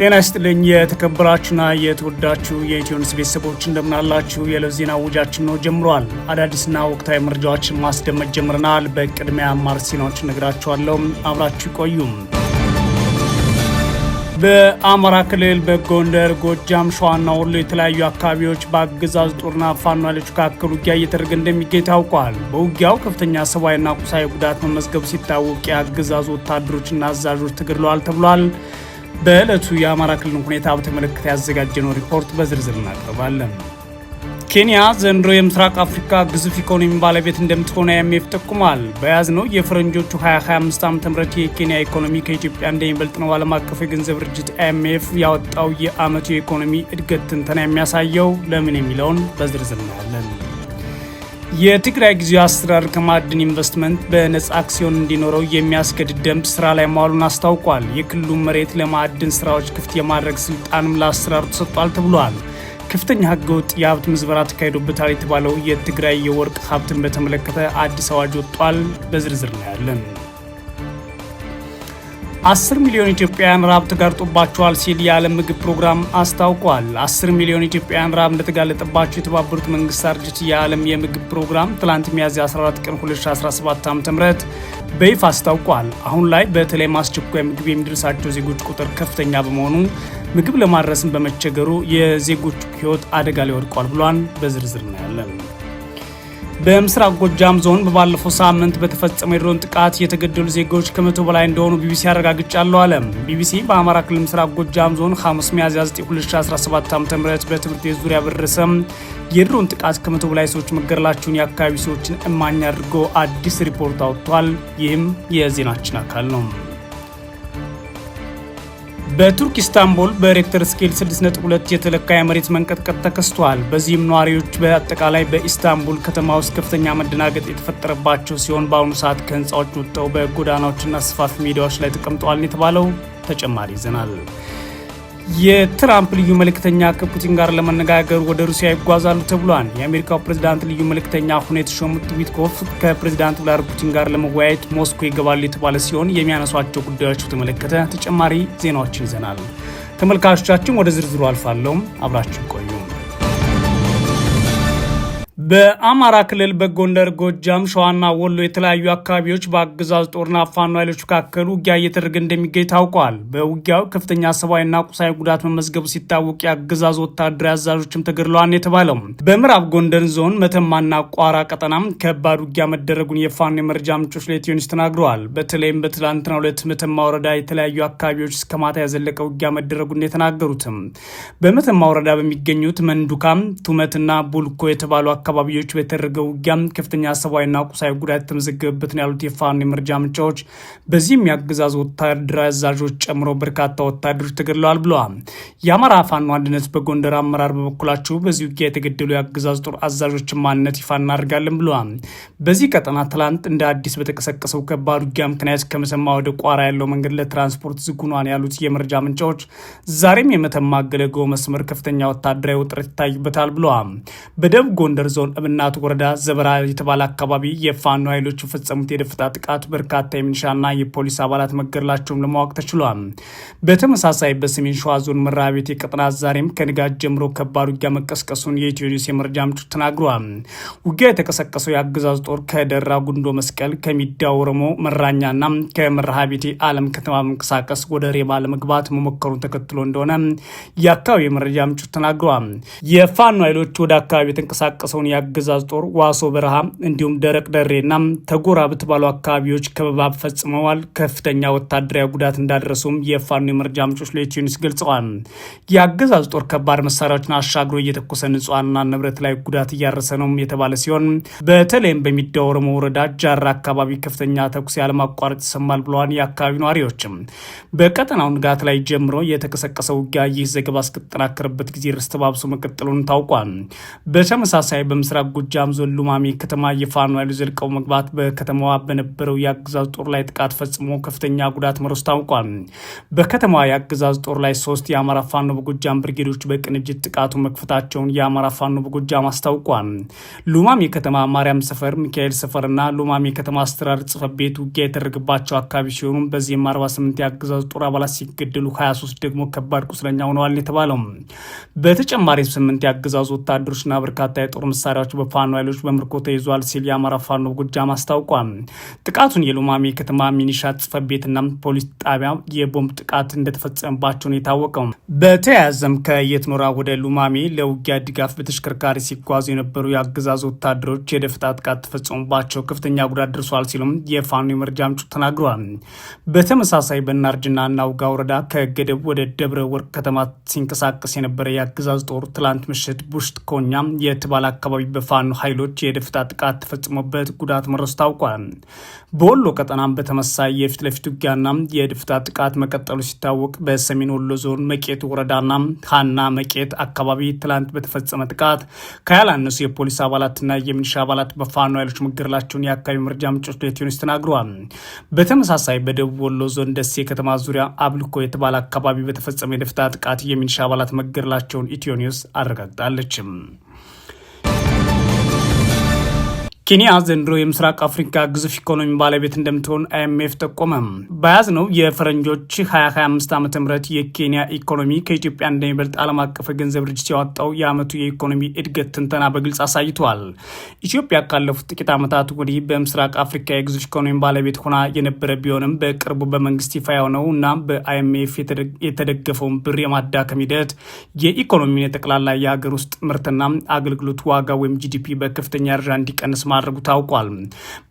ጤና ይስጥልኝ የተከበራችሁና የተወዳችሁ የኢትዮንስ ቤተሰቦች እንደምናላችሁ። የዕለት ዜና ውጃችን ነው ጀምሯል። አዳዲስና ወቅታዊ መረጃዎችን ማስደመጥ ጀምረናል። በቅድሚያ አማር ዜናዎች እነግራችኋለሁ። አብራችሁ ቆዩም። በአማራ ክልል በጎንደር፣ ጎጃም፣ ሸዋና ወሎ የተለያዩ አካባቢዎች በአገዛዝ ጦርና ፋኖ ኃይሎች መካከል ውጊያ እየተደረገ እንደሚገኝ ታውቋል። በውጊያው ከፍተኛ ሰብአዊና ቁሳዊ ጉዳት መመዝገብ ሲታወቅ የአገዛዙ ወታደሮችና አዛዦች ተገድለዋል ተብሏል። በዕለቱ የአማራ ክልል ሁኔታ በተመለከተ ያዘጋጀነው ሪፖርት በዝርዝር እናቀርባለን። ኬንያ ዘንድሮ የምስራቅ አፍሪካ ግዙፍ ኢኮኖሚ ባለቤት እንደምትሆነ አይኤምኤፍ ጠቁሟል። በያዝነው የፈረንጆቹ 2025 ዓ.ም የኬንያ ኢኮኖሚ ከኢትዮጵያ እንደሚበልጥ ነው ዓለም አቀፍ የገንዘብ ድርጅት አይኤምኤፍ ያወጣው የዓመቱ የኢኮኖሚ እድገት ትንተና የሚያሳየው። ለምን የሚለውን በዝርዝር እናያለን። የትግራይ ጊዜያዊ አስተዳደር ከማዕድን ኢንቨስትመንት በነጻ አክሲዮን እንዲኖረው የሚያስገድድ ደንብ ስራ ላይ መዋሉን አስታውቋል። የክልሉን መሬት ለማዕድን ስራዎች ክፍት የማድረግ ስልጣንም ለአስተዳደሩ ተሰጥቷል ተብሏል። ከፍተኛ ህገወጥ የሀብት ምዝበራ ተካሂዶበታል የተባለው የትግራይ የወርቅ ሀብትን በተመለከተ አዲስ አዋጅ ወጥቷል። በዝርዝር እናያለን። 10 ሚሊዮን ኢትዮጵያውያን ራብ ተጋርጦባቸዋል ሲል የዓለም ምግብ ፕሮግራም አስታውቋል። 10 ሚሊዮን ኢትዮጵያውያን ራብ እንደተጋለጠባቸው የተባበሩት መንግስታት ድርጅት የዓለም የምግብ ፕሮግራም ትላንት ሚያዝያ 14 ቀን 2017 ዓ.ም በይፋ አስታውቋል። አሁን ላይ በተለይ ማስቸኳይ ምግብ የሚደርሳቸው ዜጎች ቁጥር ከፍተኛ በመሆኑ ምግብ ለማድረስን በመቸገሩ የዜጎች ህይወት አደጋ ላይ ወድቋል ብሏን በዝርዝር እናያለን። በምስራቅ ጎጃም ዞን በባለፈው ሳምንት በተፈጸመ የድሮን ጥቃት የተገደሉ ዜጎች ከመቶ በላይ እንደሆኑ ቢቢሲ አረጋግጫለሁ አለ። ቢቢሲ በአማራ ክልል ምስራቅ ጎጃም ዞን ሐሙስ ሚያዝያ 2017 ዓ ም በትምህርት ቤት ዙሪያ በደረሰ የድሮን ጥቃት ከመቶ በላይ ሰዎች መገደላቸውን የአካባቢ ሰዎችን እማኝ አድርጎ አዲስ ሪፖርት አውጥቷል። ይህም የዜናችን አካል ነው። በቱርክ ኢስታንቡል በሬክተር ስኬል 6.2 የተለካ የመሬት መንቀጥቀጥ ተከስቷል። በዚህም ነዋሪዎች በአጠቃላይ በኢስታንቡል ከተማ ውስጥ ከፍተኛ መደናገጥ የተፈጠረባቸው ሲሆን በአሁኑ ሰዓት ከህንፃዎች ወጥተው በጎዳናዎችና ስፋት ሜዳዎች ላይ ተቀምጠዋል የተባለው ተጨማሪ ይዘናል። የትራምፕ ልዩ መልእክተኛ ከፑቲን ጋር ለመነጋገር ወደ ሩሲያ ይጓዛሉ ተብሏል። የአሜሪካው ፕሬዚዳንት ልዩ መልእክተኛ ሆነው የተሾሙት ዊትኮፍ ከፕሬዚዳንት ቭላድሚር ፑቲን ጋር ለመወያየት ሞስኮ ይገባሉ የተባለ ሲሆን የሚያነሷቸው ጉዳዮች በተመለከተ ተጨማሪ ዜናዎችን ይዘናል። ተመልካቾቻችን ወደ ዝርዝሩ አልፋለሁም፣ አብራችሁ ቆዩ። በአማራ ክልል በጎንደር፣ ጎጃም፣ ሸዋና ወሎ የተለያዩ አካባቢዎች በአገዛዝ ጦርና ፋኖ ኃይሎች መካከል ውጊያ እየተደረገ እንደሚገኝ ታውቋል። በውጊያው ከፍተኛ ሰብአዊና ቁሳዊ ጉዳት መመዝገቡ ሲታወቅ የአገዛዝ ወታደራዊ አዛዦችም ተገድለዋል የተባለው በምዕራብ ጎንደር ዞን መተማና ቋራ ቀጠናም ከባድ ውጊያ መደረጉን የፋኖ የመረጃ ምንጮች ለኢትዮኒስ ተናግረዋል። በተለይም በትላንትና ሁለት መተማ ወረዳ የተለያዩ አካባቢዎች እስከ ማታ ያዘለቀ ውጊያ መደረጉን የተናገሩትም በመተማ ወረዳ በሚገኙት መንዱካም ቱመትና ቡልኮ የተባሉ አካባቢ አካባቢዎች በተደረገው ውጊያ ከፍተኛ ሰብአዊና ቁሳዊ ጉዳት የተመዘገበበት ነው ያሉት የፋኖ የመረጃ ምንጫዎች፣ በዚህም የአገዛዙ ወታደራዊ አዛዦች ጨምሮ በርካታ ወታደሮች ተገድለዋል ብለዋል። የአማራ ፋኖ አንድነት በጎንደር አመራር በበኩላቸው በዚህ ውጊያ የተገደሉ የአገዛዙ ጦር አዛዦችን ማንነት ይፋ እናደርጋለን ብለዋል። በዚህ ቀጠና ትላንት እንደ አዲስ በተቀሰቀሰው ከባድ ውጊያ ምክንያት ከመሰማ ወደ ቋራ ያለው መንገድ ለትራንስፖርት ዝጉኗን ያሉት የመረጃ ምንጫዎች ዛሬም የመተማ ገለጎ መስመር ከፍተኛ ወታደራዊ ውጥረት ይታይበታል ብለዋል። በደቡብ ጎንደር ዞን ዞን እብናት ወረዳ ዘበራ የተባለ አካባቢ የፋኖ ኃይሎች የፈጸሙት የደፈጣ ጥቃት በርካታ የሚሊሻና የፖሊስ አባላት መገደላቸውን ለማወቅ ተችሏል። በተመሳሳይ በሰሜን ሸዋ ዞን ቤት ቀጠና ዛሬም ከንጋት ጀምሮ ከባድ ውጊያ መቀስቀሱን የኢትዮ ኒውስ የመረጃ ምንጮች ተናግረዋል። ውጊያ የተቀሰቀሰው የአገዛዝ ጦር ከደራ ጉንዶ መስቀል፣ ከሚዳ ኦሮሞ መራኛና ከመራቤቴ አለም ከተማ መንቀሳቀስ ወደ ሬማ ለመግባት መሞከሩን ተከትሎ እንደሆነ የአካባቢ የመረጃ ምንጮች ተናግረዋል። የፋኖ ኃይሎች ወደ አካባቢ የተንቀሳቀሰውን የአገዛዝ ጦር ዋሶ በረሃ እንዲሁም ደረቅ ደሬና ተጎራብት ባሉ አካባቢዎች ከበባ ፈጽመዋል። ከፍተኛ ወታደራዊ ጉዳት እንዳደረሱም የፋኑ የመረጃ ምንጮች ለኢትዮኒስ ገልጸዋል። የአገዛዝ ጦር ከባድ መሳሪያዎችን አሻግሮ እየተኮሰ ንጹሐንና ንብረት ላይ ጉዳት እያረሰ ነው የተባለ ሲሆን በተለይም በሚዳወረመ ወረዳ ጃራ አካባቢ ከፍተኛ ተኩስ ያለማቋረጥ ይሰማል ብለዋል። የአካባቢ ነዋሪዎችም በቀጠናው ንጋት ላይ ጀምሮ የተቀሰቀሰ ውጊያ ይህ ዘገባ እስከተጠናከረበት ጊዜ ርስ ተባብሶ መቀጠሉን ታውቋል። በተመሳሳይ በምስ የምስራቅ ጎጃም ዞን ሉማሜ ከተማ የፋኖ ዘልቀው መግባት በከተማዋ በነበረው የአገዛዝ ጦር ላይ ጥቃት ፈጽሞ ከፍተኛ ጉዳት መሮስ ታውቋል። በከተማዋ የአገዛዝ ጦር ላይ ሶስት የአማራ ፋኖ በጎጃም ብርጌዶች በቅንጅት ጥቃቱ መክፈታቸውን የአማራ ፋኖ በጎጃም አስታውቋል። ሉማሜ ከተማ ማርያም ሰፈር፣ ሚካኤል ሰፈርና ሉማሜ ከተማ አስተዳደር ጽሕፈት ቤት ውጊያ የተደረገባቸው አካባቢ ሲሆኑ በዚህም 48 የአገዛዝ ጦር አባላት ሲገደሉ 23 ደግሞ ከባድ ቁስለኛ ሆነዋል የተባለው በተጨማሪ ስምንት የአገዛዙ ወታደሮችና በርካታ የጦር መሳሪያ መሳሪያዎች በፋኖ ኃይሎች በምርኮ ተይዟል ሲል የአማራ ፋኖ ጎጃም አስታውቋል። ጥቃቱን የሉማሜ ከተማ ሚኒሻ ጽፈት ቤትና ፖሊስ ጣቢያ የቦምብ ጥቃት እንደተፈጸመባቸው ነው የታወቀው። በተያያዘም ከየትኖራ ወደ ሉማሜ ለውጊያ ድጋፍ በተሽከርካሪ ሲጓዙ የነበሩ የአገዛዙ ወታደሮች የደፈጣ ጥቃት ተፈጸሙባቸው፣ ከፍተኛ ጉዳት ደርሷል ሲሉም የፋኖ የመረጃ ምንጩ ተናግረዋል። በተመሳሳይ በናርጅና እናውጋ ወረዳ ከገደብ ወደ ደብረ ወርቅ ከተማ ሲንቀሳቀስ የነበረ የአገዛዝ ጦር ትላንት ምሽት ቡሽት ኮኛ የትባል አካባቢ በፋኖ ኃይሎች የደፍታ ጥቃት ተፈጽሞበት ጉዳት መረሱ ታውቋል። በወሎ ቀጠናም በተመሳይ የፊት ለፊት ውጊያና የደፍታ ጥቃት መቀጠሉ ሲታወቅ በሰሜን ወሎ ዞን መቄት ወረዳና ሀና መቄት አካባቢ ትላንት በተፈጸመ ጥቃት ከያላነሱ የፖሊስ አባላትና የሚኒሻ አባላት በፋኖ ኃይሎች መገደላቸውን የአካባቢ መረጃ ምንጮች ለኢትዮኒውስ ተናግረዋል። በተመሳሳይ በደቡብ ወሎ ዞን ደሴ ከተማ ዙሪያ አብልኮ የተባለ አካባቢ በተፈጸመ የደፍታ ጥቃት የሚኒሻ አባላት መገደላቸውን ኢትዮኒውስ አረጋግጣለችም። ኬንያ ዘንድሮ የምስራቅ አፍሪካ ግዙፍ ኢኮኖሚ ባለቤት እንደምትሆን አይኤምኤፍ ጠቆመ። በያዝነው የፈረንጆች 2025 ዓ ም የኬንያ ኢኮኖሚ ከኢትዮጵያ እንደሚበልጥ ዓለም አቀፍ የገንዘብ ድርጅት ያወጣው የዓመቱ የኢኮኖሚ እድገት ትንተና በግልጽ አሳይቷል። ኢትዮጵያ ካለፉት ጥቂት ዓመታት ወዲህ በምስራቅ አፍሪካ የግዙፍ ኢኮኖሚ ባለቤት ሆና የነበረ ቢሆንም በቅርቡ በመንግስት ይፋ የሆነው እና በአይኤምኤፍ የተደገፈውን ብር የማዳከም ሂደት የኢኮኖሚን የጠቅላላ የሀገር ውስጥ ምርትና አገልግሎት ዋጋ ወይም ጂዲፒ በከፍተኛ ደረጃ እንዲቀንስ ማድረጉ ታውቋል።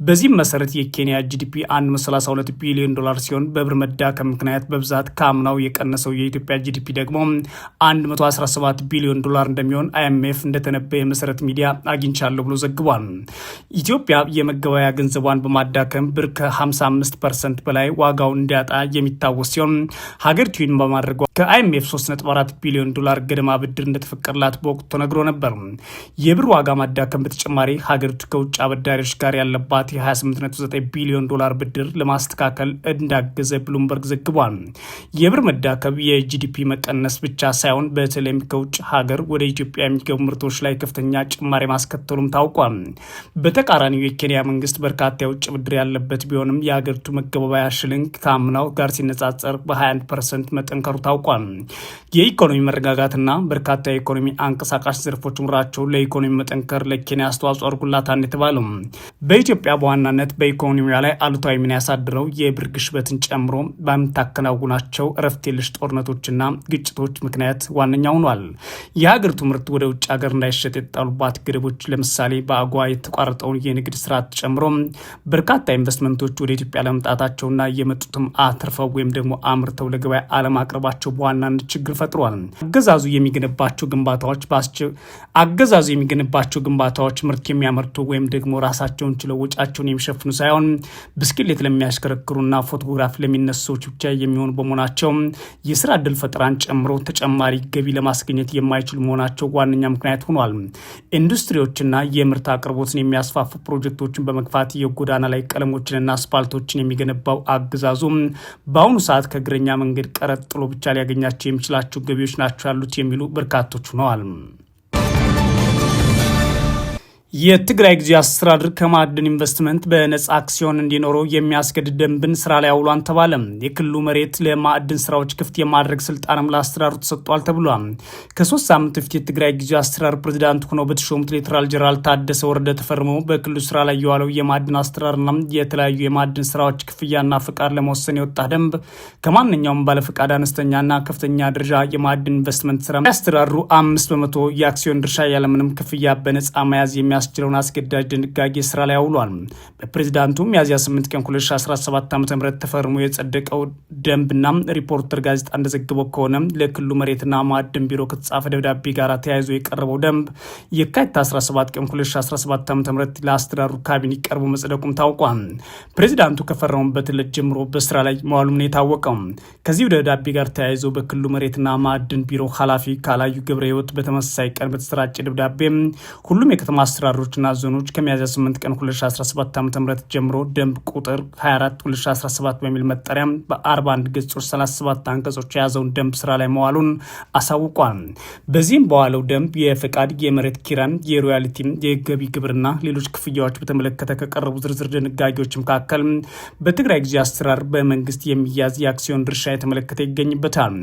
በዚህም መሰረት የኬንያ ጂዲፒ 132 ቢሊዮን ዶላር ሲሆን በብር መዳከም ምክንያት በብዛት ከአምናው የቀነሰው የኢትዮጵያ ጂዲፒ ደግሞ 117 ቢሊዮን ዶላር እንደሚሆን አይኤምኤፍ እንደተነበየ የመሰረት ሚዲያ አግኝቻለሁ ብሎ ዘግቧል። ኢትዮጵያ የመገበያ ገንዘቧን በማዳከም ብር ከ55 ፐርሰንት በላይ ዋጋው እንዲያጣ የሚታወስ ሲሆን ሀገሪቱን በማድረጓ ከአይኤምኤፍ 34 ቢሊዮን ዶላር ገደማ ብድር እንደተፈቀደላት በወቅቱ ተነግሮ ነበር። የብር ዋጋ ማዳከም በተጨማሪ ሀገሪቱ ከውጭ ከውጭ አበዳሪዎች ጋር ያለባት የ28.9 ቢሊዮን ዶላር ብድር ለማስተካከል እንዳገዘ ብሉምበርግ ዘግቧል። የብር መዳከብ የጂዲፒ መቀነስ ብቻ ሳይሆን በተለይም ከውጭ ሀገር ወደ ኢትዮጵያ የሚገቡ ምርቶች ላይ ከፍተኛ ጭማሪ ማስከተሉም ታውቋል። በተቃራኒው የኬንያ መንግስት በርካታ የውጭ ብድር ያለበት ቢሆንም የሀገሪቱ መገበባያ ሽልንግ ከአምናው ጋር ሲነጻጸር በ21 ፐርሰንት መጠንከሩ ታውቋል። የኢኮኖሚ መረጋጋትና በርካታ የኢኮኖሚ አንቀሳቃሽ ዘርፎች ምራቸው ለኢኮኖሚ መጠንከር ለኬንያ አስተዋጽኦ አድርጉላታን የተባለ ተባሉ። በኢትዮጵያ በዋናነት በኢኮኖሚያ ላይ አሉታዊ ሚና ያሳድረው የብር ግሽበትን ጨምሮ በምታከናውናቸው እረፍት የለሽ ጦርነቶችና ግጭቶች ምክንያት ዋነኛ ሆኗል። የሀገሪቱ ምርት ወደ ውጭ ሀገር እንዳይሸጥ የተጣሉባት ገደቦች፣ ለምሳሌ በአጓ የተቋረጠውን የንግድ ስርዓት ጨምሮ በርካታ ኢንቨስትመንቶች ወደ ኢትዮጵያ ለመምጣታቸውና የመጡትም አትርፈው ወይም ደግሞ አምርተው ለገበያ አለማቅረባቸው በዋናነት ችግር ፈጥሯል። አገዛዙ የሚገነባቸው ግንባታዎች አገዛዙ የሚገነባቸው ግንባታዎች ምርት የሚያመርቱ ወይም ደግሞ ራሳቸውን ችለው ወጫቸውን የሚሸፍኑ ሳይሆን ብስክሌት ለሚያሽከረክሩና ፎቶግራፍ ለሚነሱ ሰዎች ብቻ የሚሆኑ በመሆናቸው የስራ እድል ፈጠራን ጨምሮ ተጨማሪ ገቢ ለማስገኘት የማይችሉ መሆናቸው ዋነኛ ምክንያት ሆኗል። ኢንዱስትሪዎችና የምርት አቅርቦትን የሚያስፋፉ ፕሮጀክቶችን በመግፋት የጎዳና ላይ ቀለሞችንና አስፓልቶችን የሚገነባው አገዛዙ በአሁኑ ሰዓት ከእግረኛ መንገድ ቀረጥሎ ብቻ ሊያገኛቸው የሚችላቸው ገቢዎች ናቸው ያሉት የሚሉ በርካቶች ሆነዋል። የትግራይ ጊዜያዊ አስተዳደር ከማዕድን ኢንቨስትመንት በነጻ አክሲዮን እንዲኖረው የሚያስገድድ ደንብን ስራ ላይ አውሏን ተባለ። የክልሉ መሬት ለማዕድን ስራዎች ክፍት የማድረግ ስልጣንም ለአስተዳደሩ ተሰጥቷል ተብሏል። ከሶስት ሳምንት በፊት የትግራይ ጊዜያዊ አስተዳደር ፕሬዚዳንት ሆኖ በተሾሙት ሌተናል ጄኔራል ታደሰ ወረደ ተፈርመው በክልሉ ስራ ላይ የዋለው የማዕድን አስተዳደርና የተለያዩ የማዕድን ስራዎች ክፍያና ፍቃድ ለመወሰን የወጣ ደንብ ከማንኛውም ባለፈቃድ አነስተኛና ከፍተኛ ደረጃ የማዕድን ኢንቨስትመንት ስራ ያስተዳድሩ አምስት በመቶ የአክሲዮን ድርሻ ያለምንም ክፍያ በነጻ መያዝ የሚያስ የሚያስችለውን አስገዳጅ ድንጋጌ ስራ ላይ አውሏል። በፕሬዚዳንቱ ሚያዝያ 8 ቀን 2017 ዓ ም ተፈርሞ የጸደቀው ደንብና ሪፖርተር ጋዜጣ እንደዘግበው ከሆነ ለክልሉ መሬትና ማዕድን ቢሮ ከተጻፈ ደብዳቤ ጋር ተያይዞ የቀረበው ደንብ የካቲት 17 ቀን 2017 ዓ ም ለአስተዳደሩ ካቢኔ ቀርቦ መጽደቁም ታውቋል። ፕሬዚዳንቱ ከፈረሙበት ዕለት ጀምሮ በስራ ላይ መዋሉም ነው የታወቀው። ከዚሁ ደብዳቤ ጋር ተያይዞ በክልሉ መሬትና ማዕድን ቢሮ ኃላፊ ካላዩ ገብረ ህይወት በተመሳሳይ ቀን በተሰራጨ ደብዳቤ ሁሉም የከተማ አስተዳደሩ አስተዳደሮችና ዞኖች ከሚያዝያ 8 ቀን 2017 ዓ ም ጀምሮ ደንብ ቁጥር 24 2017 በሚል መጠሪያም በ41 ገጾች 37 አንቀጾች የያዘውን ደንብ ስራ ላይ መዋሉን አሳውቋል። በዚህም በዋለው ደንብ የፈቃድ፣ የመሬት ኪራን፣ የሮያልቲ፣ የገቢ ግብርና ሌሎች ክፍያዎች በተመለከተ ከቀረቡ ዝርዝር ድንጋጌዎች መካከል በትግራይ ጊዜ አሰራር በመንግስት የሚያዝ የአክሲዮን ድርሻ የተመለከተ ይገኝበታል።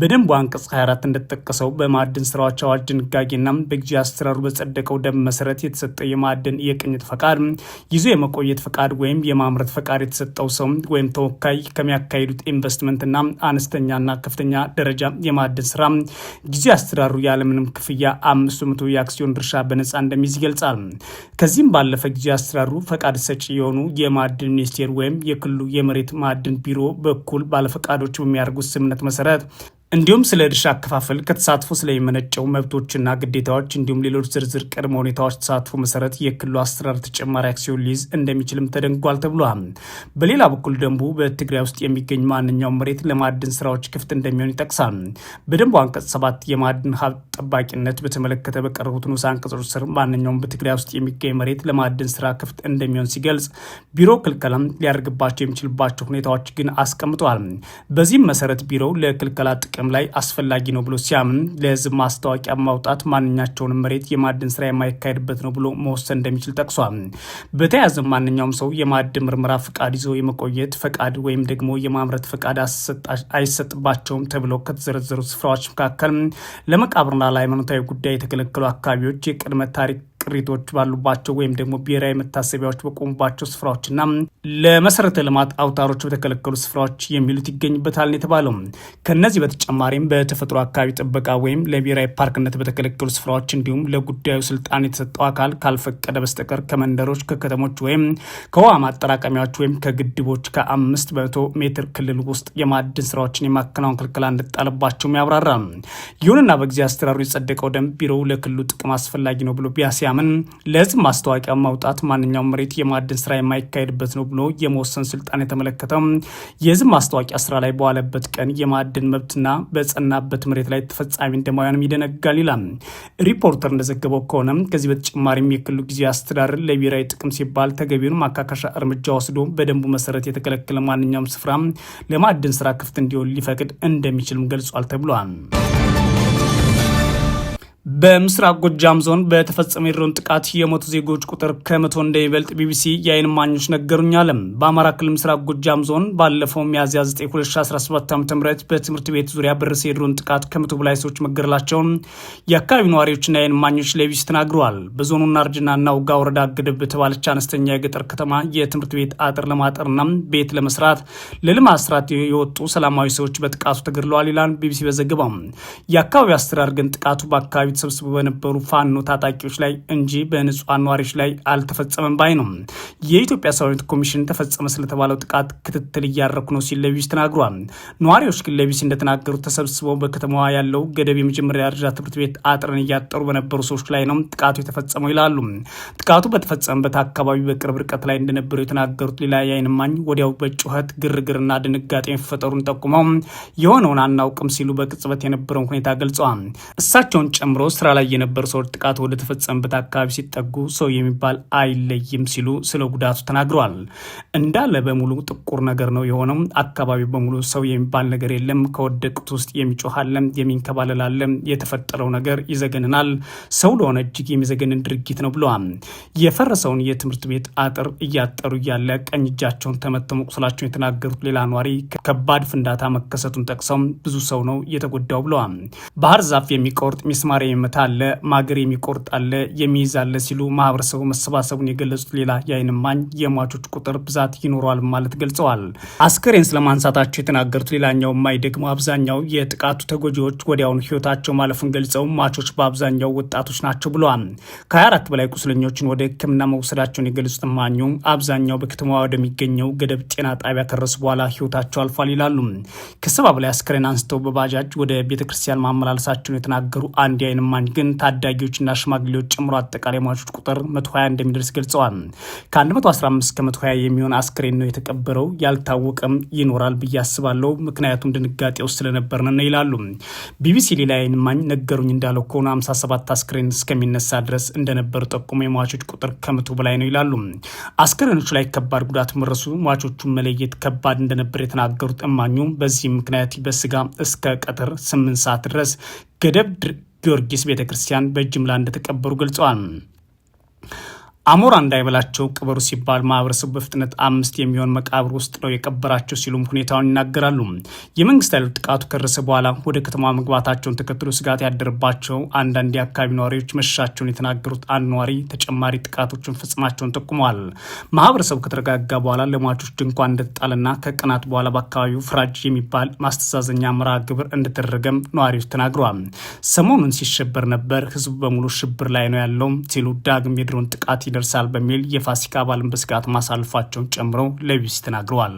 በደንቡ አንቀጽ 24 እንደተጠቀሰው በማዕድን ስራዎች አዋጅ ድንጋጌና በጊዜ አሰራሩ በጸደቀው ደንብ መሰረት የተሰጠ የማዕድን የቅኝት ፈቃድ ይዞ የመቆየት ፈቃድ ወይም የማምረት ፈቃድ የተሰጠው ሰው ወይም ተወካይ ከሚያካሂዱት ኢንቨስትመንትና አነስተኛና ከፍተኛ ደረጃ የማዕድን ስራ ጊዜ አስተዳደሩ ያለምንም ክፍያ አምስት መቶ የአክሲዮን ድርሻ በነጻ እንደሚይዝ ይገልጻል። ከዚህም ባለፈ ጊዜ አስተዳደሩ ፈቃድ ሰጪ የሆኑ የማዕድን ሚኒስቴር ወይም የክልሉ የመሬት ማዕድን ቢሮ በኩል ባለፈቃዶች በሚያደርጉት ስምምነት መሰረት እንዲሁም ስለ ድርሻ አከፋፈል ከተሳትፎ ስለሚመነጨው መብቶችና ግዴታዎች እንዲሁም ሌሎች ዝርዝር ቅድመ ሁኔታዎች ተሳትፎ መሰረት የክልሉ አሰራር ተጨማሪ አክሲዮን ሊይዝ እንደሚችልም ተደንጓል ተብሏል። በሌላ በኩል ደንቡ በትግራይ ውስጥ የሚገኝ ማንኛውም መሬት ለማዕድን ስራዎች ክፍት እንደሚሆን ይጠቅሳል። በደንቡ አንቀጽ ሰባት የማዕድን ሀብት ጠባቂነት በተመለከተ በቀረቡት ንዑስ አንቀጾች ስር ማንኛውም በትግራይ ውስጥ የሚገኝ መሬት ለማዕድን ስራ ክፍት እንደሚሆን ሲገልጽ፣ ቢሮ ክልከላም ሊያደርግባቸው የሚችልባቸው ሁኔታዎች ግን አስቀምጧል። በዚህም መሰረት ቢሮው ለክልከላ ጥቅም ላይ አስፈላጊ ነው ብሎ ሲያምን ለህዝብ ማስታወቂያ ማውጣት ማንኛቸውንም መሬት የማዕድን ስራ የማይካሄድበት ነው ብሎ መወሰን እንደሚችል ጠቅሷል። በተያያዘ ማንኛውም ሰው የማዕድን ምርመራ ፈቃድ ይዞ የመቆየት ፈቃድ ወይም ደግሞ የማምረት ፈቃድ አይሰጥባቸውም ተብለው ከተዘረዘሩ ስፍራዎች መካከል ለመቃብርና ለሃይማኖታዊ ጉዳይ የተከለከሉ አካባቢዎች የቅድመ ታሪክ ቅሪቶች ባሉባቸው ወይም ደግሞ ብሔራዊ መታሰቢያዎች በቆሙባቸው ስፍራዎችና ለመሰረተ ልማት አውታሮች በተከለከሉ ስፍራዎች የሚሉት ይገኝበታል የተባለው። ከነዚህ በተጨማሪም በተፈጥሮ አካባቢ ጥበቃ ወይም ለብሔራዊ ፓርክነት በተከለከሉ ስፍራዎች እንዲሁም ለጉዳዩ ስልጣን የተሰጠው አካል ካልፈቀደ በስተቀር ከመንደሮች፣ ከከተሞች ወይም ከውሃ ማጠራቀሚያዎች ወይም ከግድቦች ከአምስት በመቶ ሜትር ክልል ውስጥ የማዕድን ስራዎችን የማከናወን ክልክላ እንደጣለባቸውም ያብራራል። ይሁንና በጊዜ አስተራሩ የጸደቀው ደንብ ቢሮው ለክልሉ ጥቅም አስፈላጊ ነው ብሎ ቢያሲያ ፕሮግራምን ለህዝብ ማስታወቂያ ማውጣት ማንኛውም መሬት የማዕድን ስራ የማይካሄድበት ነው ብሎ የመወሰን ስልጣን የተመለከተ የህዝብ ማስታወቂያ ስራ ላይ በዋለበት ቀን የማዕድን መብትና በጸናበት መሬት ላይ ተፈጻሚ እንደማያንም ይደነጋል ይላል ሪፖርተር። እንደዘገበው ከሆነ ከዚህ በተጨማሪም የክልሉ ጊዜ አስተዳደር ለብሔራዊ ጥቅም ሲባል ተገቢውን ማካካሻ እርምጃ ወስዶ በደንቡ መሰረት የተከለከለ ማንኛውም ስፍራ ለማዕድን ስራ ክፍት እንዲሆን ሊፈቅድ እንደሚችልም ገልጿል ተብሏል። በምስራቅ ጎጃም ዞን በተፈጸመ የድሮን ጥቃት የሞቱ ዜጎች ቁጥር ከመቶ እንደሚበልጥ ቢቢሲ የአይን ማኞች ነገሩኛለም። በአማራ ክልል ምስራቅ ጎጃም ዞን ባለፈው ሚያዝያ 9 2017 ዓ ም በትምህርት ቤት ዙሪያ በደረሰ የድሮን ጥቃት ከመቶ በላይ ሰዎች መገደላቸውን የአካባቢው ነዋሪዎችና የአይን ማኞች ለቢቢሲ ተናግረዋል። በዞኑ ናርጅና ውጋ ወረዳ ግድብ በተባለች አነስተኛ የገጠር ከተማ የትምህርት ቤት አጥር ለማጠርና ቤት ለመስራት ለልማት ስራት የወጡ ሰላማዊ ሰዎች በጥቃቱ ተገድለዋል ይላል ቢቢሲ በዘገባው። የአካባቢው አስተዳደር ግን ጥቃቱ በአካባቢ ሰራዊት ሰብስቦ በነበሩ ፋኖ ታጣቂዎች ላይ እንጂ በንጹሐን ነዋሪዎች ላይ አልተፈጸመም ባይ ነው። የኢትዮጵያ ሰራዊት ኮሚሽን ተፈጸመ ስለተባለው ጥቃት ክትትል እያረኩ ነው ሲል ለቢስ ተናግሯል። ነዋሪዎች ግን ለቢስ እንደተናገሩት ተሰብስበው በከተማዋ ያለው ገደብ የመጀመሪያ ደረጃ ትምህርት ቤት አጥርን እያጠሩ በነበሩ ሰዎች ላይ ነው ጥቃቱ የተፈጸመው ይላሉ። ጥቃቱ በተፈጸመበት አካባቢ በቅርብ ርቀት ላይ እንደነበሩ የተናገሩት ሌላ የዓይን እማኝ ወዲያው በጩኸት ግርግርና ድንጋጤ መፈጠሩን ጠቁመው የሆነውን አናውቅም ሲሉ በቅጽበት የነበረውን ሁኔታ ገልጸዋል። እሳቸውን ጨምሮ ስራ ላይ የነበሩ ሰዎች ጥቃት ወደ ተፈጸመበት አካባቢ ሲጠጉ ሰው የሚባል አይለይም ሲሉ ስለ ጉዳቱ ተናግረዋል። እንዳለ በሙሉ ጥቁር ነገር ነው የሆነው። አካባቢ በሙሉ ሰው የሚባል ነገር የለም። ከወደቁት ውስጥ የሚጮሃለም የሚንከባለላለም። የተፈጠረው ነገር ይዘገንናል። ሰው ለሆነ እጅግ የሚዘገንን ድርጊት ነው ብለዋል። የፈረሰውን የትምህርት ቤት አጥር እያጠሩ እያለ ቀኝ እጃቸውን ተመተው መቁሰላቸውን የተናገሩት ሌላ ኗሪ ከባድ ፍንዳታ መከሰቱን ጠቅሰው ብዙ ሰው ነው የተጎዳው ብለዋል። ባህር ዛፍ የሚቆርጥ ሚስማር የሚመታ አለ፣ ማገር የሚቆርጥ አለ፣ የሚይዝ አለ ሲሉ ማህበረሰቡ መሰባሰቡን የገለጹት ሌላ የአይን እማኝ የሟቾች ቁጥር ብዛት ይኖረዋል ማለት ገልጸዋል። አስከሬን ስለማንሳታቸው የተናገሩት ሌላኛው እማኝ ደግሞ አብዛኛው የጥቃቱ ተጎጂዎች ወዲያውኑ ህይወታቸው ማለፉን ገልጸው ሟቾች በአብዛኛው ወጣቶች ናቸው ብለዋል። ከ24 በላይ ቁስለኞችን ወደ ህክምና መውሰዳቸውን የገለጹት እማኙ አብዛኛው በከተማዋ ወደሚገኘው ገደብ ጤና ጣቢያ ከደረሱ በኋላ ህይወታቸው አልፏል ይላሉ። ከሰባ በላይ አስከሬን አንስተው በባጃጅ ወደ ቤተክርስቲያን ማመላለሳቸውን የተናገሩ አንድ የአይን ጀማኝ ግን ታዳጊዎችና ሽማግሌዎች ጨምሮ አጠቃላይ ሟቾች ቁጥር 120 እንደሚደርስ ገልጸዋል። ከ115 እስከ 120 የሚሆን አስክሬን ነው የተቀበረው። ያልታወቀም ይኖራል ብዬ አስባለሁ። ምክንያቱም ድንጋጤ ውስጥ ስለነበርን ይላሉ። ቢቢሲ ሌላ ዓይን እማኝ ነገሩኝ እንዳለው ከሆነ 57 አስክሬን እስከሚነሳ ድረስ እንደነበሩ ጠቁሞ የሟቾች ቁጥር ከመቶ በላይ ነው ይላሉ። አስክሬኖቹ ላይ ከባድ ጉዳት መረሱ ሟቾቹን መለየት ከባድ እንደነበር የተናገሩት እማኙ በዚህ ምክንያት በስጋ እስከ ቀትር 8 ሰዓት ድረስ ገደብ ጊዮርጊስ ቤተ ክርስቲያን በጅምላ እንደተቀበሩ ገልጸዋል። አሞራ እንዳይበላቸው ቅበሩ ሲባል ማህበረሰቡ በፍጥነት አምስት የሚሆን መቃብር ውስጥ ነው የቀበራቸው ሲሉም ሁኔታውን ይናገራሉ። የመንግስት ኃይሎች ጥቃቱ ከረሰ በኋላ ወደ ከተማ መግባታቸውን ተከትሎ ስጋት ያደረባቸው አንዳንድ የአካባቢ ነዋሪዎች መሸሻቸውን የተናገሩት አንድ ነዋሪ ተጨማሪ ጥቃቶችን ፈጽማቸውን ጠቁመዋል። ማህበረሰቡ ከተረጋጋ በኋላ ለሟቾች ድንኳን እንደተጣለና ከቀናት በኋላ በአካባቢው ፍራጅ የሚባል ማስተዛዘኛ መርሃ ግብር እንደተደረገም ነዋሪዎች ተናግረዋል። ሰሞኑን ሲሸበር ነበር፣ ህዝቡ በሙሉ ሽብር ላይ ነው ያለው ሲሉ ዳግም የድሮን ጥቃት ይደርሳል በሚል የፋሲካ በዓልን በስጋት ማሳልፋቸውን ጨምረው ለቢቢሲ ተናግረዋል።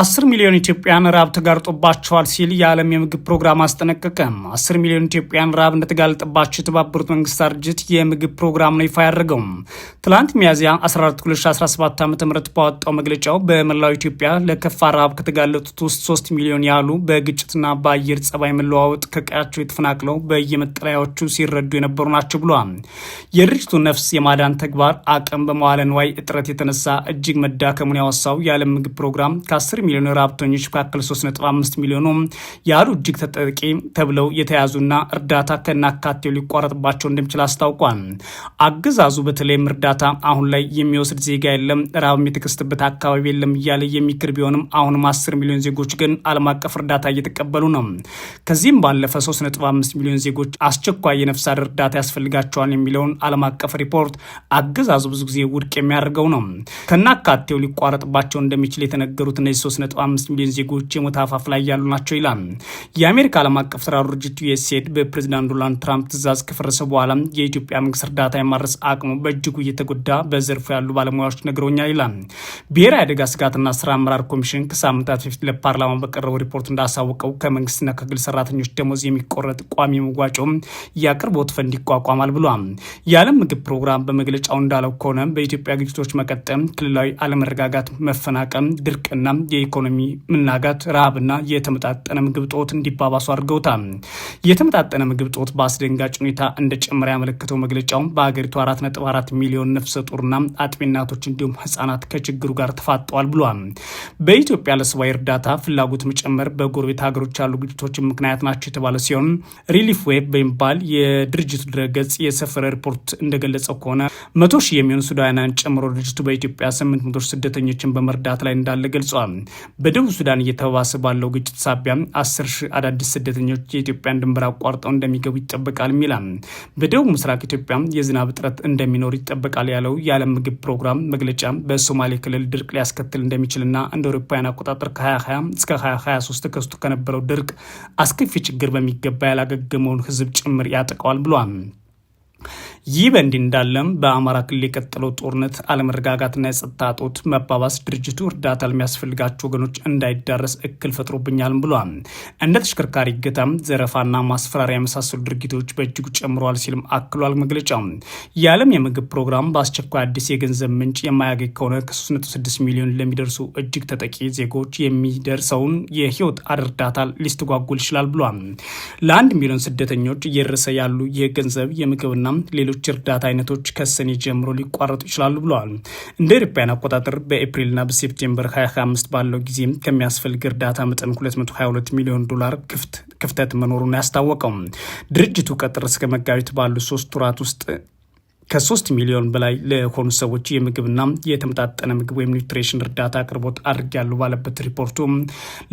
አስር ሚሊዮን ኢትዮጵያን ራብ ተጋርጦባቸዋል ሲል የዓለም የምግብ ፕሮግራም አስጠነቀቀም። አስር ሚሊዮን ኢትዮጵያን ራብ እንደተጋለጠባቸው የተባበሩት መንግስታት ድርጅት የምግብ ፕሮግራም ነው ይፋ ያደረገው። ትላንት ሚያዝያ 14 2017 ዓ ም ባወጣው መግለጫው በመላው ኢትዮጵያ ለከፋ ራብ ከተጋለጡት ውስጥ 3 ሚሊዮን ያህሉ በግጭትና በአየር ጸባይ መለዋወጥ ከቀያቸው የተፈናቅለው በየመጠለያዎቹ ሲረዱ የነበሩ ናቸው ብሏል። የድርጅቱ ነፍስ የማዳን ተግባር አቅም በመዋለ ንዋይ እጥረት የተነሳ እጅግ መዳከሙን ያወሳው የዓለም ምግብ ፕሮግራም ከ10 ሚሊዮን ረሃብተኞች መካከል 3.5 ሚሊዮኑ ያህሉ እጅግ ተጠቂ ተብለው የተያዙና እርዳታ ከናካቴው ሊቋረጥባቸው እንደሚችል አስታውቋል። አገዛዙ በተለይም እርዳታ አሁን ላይ የሚወስድ ዜጋ የለም፣ ረሃብም የተከሰተበት አካባቢ የለም እያለ የሚክር ቢሆንም አሁንም 10 ሚሊዮን ዜጎች ግን ዓለም አቀፍ እርዳታ እየተቀበሉ ነው። ከዚህም ባለፈ 3.5 ሚሊዮን ዜጎች አስቸኳይ የነፍስ አድን እርዳታ ያስፈልጋቸዋል የሚለውን ዓለም አቀፍ ሪፖርት አገዛዙ ብዙ ጊዜ ውድቅ የሚያደርገው ነው። ከናካቴው ሊቋረጥባቸው እንደሚችል የተነገሩት እነዚህ 3.5 ሚሊዮን ዜጎች የሞት አፋፍ ላይ ያሉ ናቸው ይላል። የአሜሪካ ዓለም አቀፍ ስራ ድርጅት ዩኤስኤድ በፕሬዚዳንት ዶናልድ ትራምፕ ትዕዛዝ ከፈረሰ በኋላ የኢትዮጵያ መንግስት እርዳታ የማድረስ አቅሙ በእጅጉ እየተጎዳ በዘርፉ ያሉ ባለሙያዎች ነግረውኛል ይላል። ብሔራዊ አደጋ ስጋትና ስራ አመራር ኮሚሽን ከሳምንታት በፊት ለፓርላማ በቀረበው ሪፖርት እንዳሳወቀው ከመንግስትና ከግል ሰራተኞች ደሞዝ የሚቆረጥ ቋሚ መዋጮም የአቅርቦት ፈንድ ይቋቋማል ብሏል። የዓለም ምግብ ፕሮግራም በመግለጫው እንዳለው ከሆነ በኢትዮጵያ ግጭቶች መቀጠም፣ ክልላዊ አለመረጋጋት፣ መፈናቀም፣ ድርቅና የኢኮኖሚ መናጋት፣ ረሃብና የተመጣጠነ ምግብ ጦት እንዲባባሱ አድርገውታል። የተመጣጠነ ምግብ ጦት በአስደንጋጭ ሁኔታ እንደጨመረ ያመለከተው መግለጫው በሀገሪቱ 4.4 ሚሊዮን ነፍሰ ጡርና አጥቢ እናቶች እንዲሁም ህጻናት ከችግሩ ጋር ተፋጠዋል ብሏል። በኢትዮጵያ ለሰብአዊ እርዳታ ፍላጎት መጨመር በጎረቤት ሀገሮች ያሉ ግጭቶች ምክንያት ናቸው የተባለ ሲሆን ሪሊፍ ዌብ በሚባል የድርጅቱ ድረገጽ የሰፈረ ሪፖርት እንደገለጸው ከሆነ መቶ ሺህ የሚሆኑ ሱዳናውያን ጨምሮ ድርጅቱ በኢትዮጵያ ስምንት መቶ ስደተኞችን በመርዳት ላይ እንዳለ ገልጿል። በደቡብ ሱዳን እየተባባሰ ባለው ግጭት ሳቢያ አስር ሺህ አዳዲስ ስደተኞች የኢትዮጵያን ድንበር አቋርጠው እንደሚገቡ ይጠበቃል ሚላ በደቡብ ምስራቅ ኢትዮጵያ የዝናብ እጥረት እንደሚኖር ይጠበቃል ያለው የዓለም ምግብ ፕሮግራም መግለጫ በሶማሌ ክልል ድርቅ ሊያስከትል እንደሚችልና እንደ አውሮፓውያን አቆጣጠር ከ2020 እስከ 2023 ተከስቶ ከነበረው ድርቅ አስከፊ ችግር በሚገባ ያላገገመውን ህዝብ ጭምር ያጠቀዋል ብሏል። ይህ በእንዲህ እንዳለም በአማራ ክልል የቀጠለው ጦርነት አለመረጋጋትና የጸጥታ እጦት መባባስ ድርጅቱ እርዳታ ለሚያስፈልጋቸው ወገኖች እንዳይዳረስ እክል ፈጥሮብኛልም ብሏል። እንደ ተሽከርካሪ እገታም፣ ዘረፋና ማስፈራሪያ የመሳሰሉ ድርጊቶች በእጅጉ ጨምረዋል ሲልም አክሏል መግለጫው። የዓለም የምግብ ፕሮግራም በአስቸኳይ አዲስ የገንዘብ ምንጭ የማያገኝ ከሆነ ከ36 ሚሊዮን ለሚደርሱ እጅግ ተጠቂ ዜጎች የሚደርሰውን የህይወት እርዳታ ሊስተጓጉል ይችላል ብሏል። ለአንድ ሚሊዮን ስደተኞች እየደረሰ ያሉ የገንዘብ የምግብና ሌሎች ሌሎች እርዳታ አይነቶች ከሰኔ ጀምሮ ሊቋረጡ ይችላሉ ብለዋል። እንደ ኢትዮጵያን አቆጣጠር በኤፕሪልና በሴፕቴምበር 2025 ባለው ጊዜ ከሚያስፈልግ እርዳታ መጠን 222 ሚሊዮን ዶላር ክፍተት መኖሩን ያስታወቀው ድርጅቱ ቀጥር እስከ መጋቢት ባሉ ሶስት ወራት ውስጥ ከሶስት ሚሊዮን በላይ ለሆኑ ሰዎች የምግብና የተመጣጠነ ምግብ ወይም ኒውትሬሽን እርዳታ አቅርቦት ያሉ ባለበት ሪፖርቱ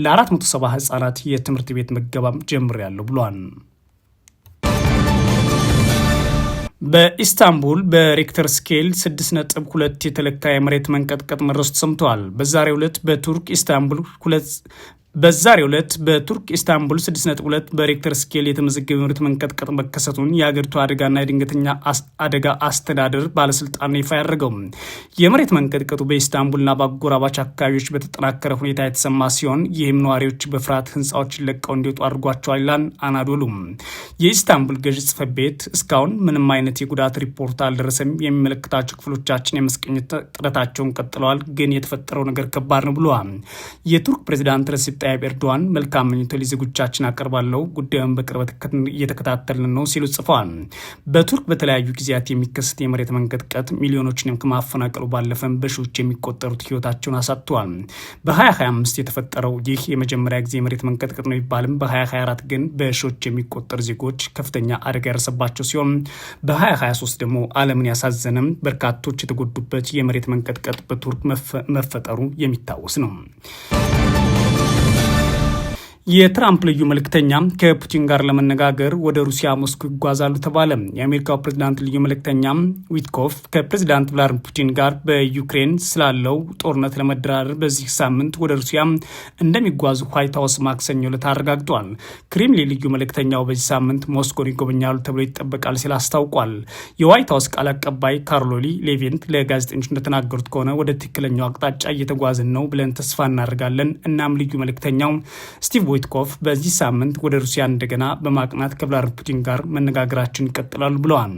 ለ470 ህጻናት የትምህርት ቤት መገባም ጀምሬያለሁ ብሏል። በኢስታንቡል በሪክተር ስኬል 6.2 የተለካ የመሬት መንቀጥቀጥ መድረሱ ተሰምተዋል። በዛሬው ዕለት በቱርክ ኢስታንቡል በዛሬው ዕለት በቱርክ ኢስታንቡል 6.2 በሬክተር ስኬል የተመዘገበ መሬት መንቀጥቀጥ መከሰቱን የአገሪቱ አደጋና የድንገተኛ አደጋ አስተዳደር ባለስልጣን ይፋ ያደርገው። የመሬት መንቀጥቀጡ በኢስታንቡልና በአጎራባች አካባቢዎች በተጠናከረ ሁኔታ የተሰማ ሲሆን ይህም ነዋሪዎች በፍርሃት ህንፃዎችን ለቀው እንዲወጡ አድርጓቸዋል ይላል አናዶሉ። የኢስታንቡል ገዢ ጽፈት ቤት እስካሁን ምንም አይነት የጉዳት ሪፖርት አልደረሰም። የሚመለከታቸው ክፍሎቻችን የመስቀኘት ጥረታቸውን ቀጥለዋል፣ ግን የተፈጠረው ነገር ከባድ ነው ብለዋል። የቱርክ ፕሬዚዳንት ረሲፕ ጣይብ ኤርዶዋን መልካም ምኞቶ ለዜጎቻችን አቀርባለሁ፣ ጉዳዩን በቅርበት እየተከታተልን ነው ሲሉ ጽፈዋል። በቱርክ በተለያዩ ጊዜያት የሚከሰት የመሬት መንቀጥቀጥ ሚሊዮኖችን ከማፈናቀሉ ባለፈም በሺዎች የሚቆጠሩት ህይወታቸውን አሳጥተዋል። በ2025 የተፈጠረው ይህ የመጀመሪያ ጊዜ የመሬት መንቀጥቀጥ ነው ይባልም በ2024 ግን በሺዎች የሚቆጠሩ ዜጎች ከፍተኛ አደጋ ያረሰባቸው ሲሆን በ2023 ደግሞ ዓለምን ያሳዘነም በርካቶች የተጎዱበት የመሬት መንቀጥቀጥ በቱርክ መፈጠሩ የሚታወስ ነው። የትራምፕ ልዩ መልክተኛ ከፑቲን ጋር ለመነጋገር ወደ ሩሲያ ሞስኮ ይጓዛሉ ተባለ። የአሜሪካው ፕሬዚዳንት ልዩ መልክተኛ ዊትኮፍ ከፕሬዚዳንት ቭላድሚር ፑቲን ጋር በዩክሬን ስላለው ጦርነት ለመደራደር በዚህ ሳምንት ወደ ሩሲያ እንደሚጓዙ ዋይት ሀውስ ማክሰኞ ዕለት አረጋግጧል። ክሬምሊን ልዩ መልክተኛው በዚህ ሳምንት ሞስኮን ይጎበኛሉ ተብሎ ይጠበቃል ሲል አስታውቋል። የዋይት ሀውስ ቃል አቀባይ ካርሎሊ ሌቬንት ለጋዜጠኞች እንደተናገሩት ከሆነ ወደ ትክክለኛው አቅጣጫ እየተጓዝን ነው ብለን ተስፋ እናደርጋለን። እናም ልዩ መልክተኛው ስቲቭ ዊትኮፍ በዚህ ሳምንት ወደ ሩሲያ እንደገና በማቅናት ከቭላድሚር ፑቲን ጋር መነጋገራችን ይቀጥላሉ ብለዋል።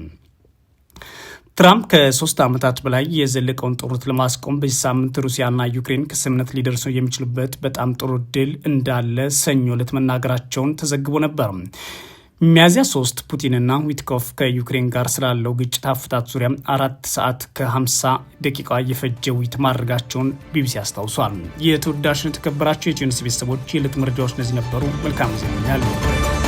ትራምፕ ከሶስት ዓመታት በላይ የዘለቀውን ጦርነት ለማስቆም በዚህ ሳምንት ሩሲያና ዩክሬን ከስምምነት ሊደርሰው የሚችሉበት በጣም ጥሩ እድል እንዳለ ሰኞ ዕለት መናገራቸውን ተዘግቦ ነበር። ሚያዝያ ሶስት ፑቲንና ዊትኮፍ ከዩክሬን ጋር ስላለው ግጭት አፈታት ዙሪያ አራት ሰዓት ከ50 ደቂቃ የፈጀ ውይይት ማድረጋቸውን ቢቢሲ አስታውሷል። የተወዳሽን የተከበራቸው የኢትዮ ቤተሰቦች የዕለት መረጃዎች እነዚህ ነበሩ። መልካም ዜናኛል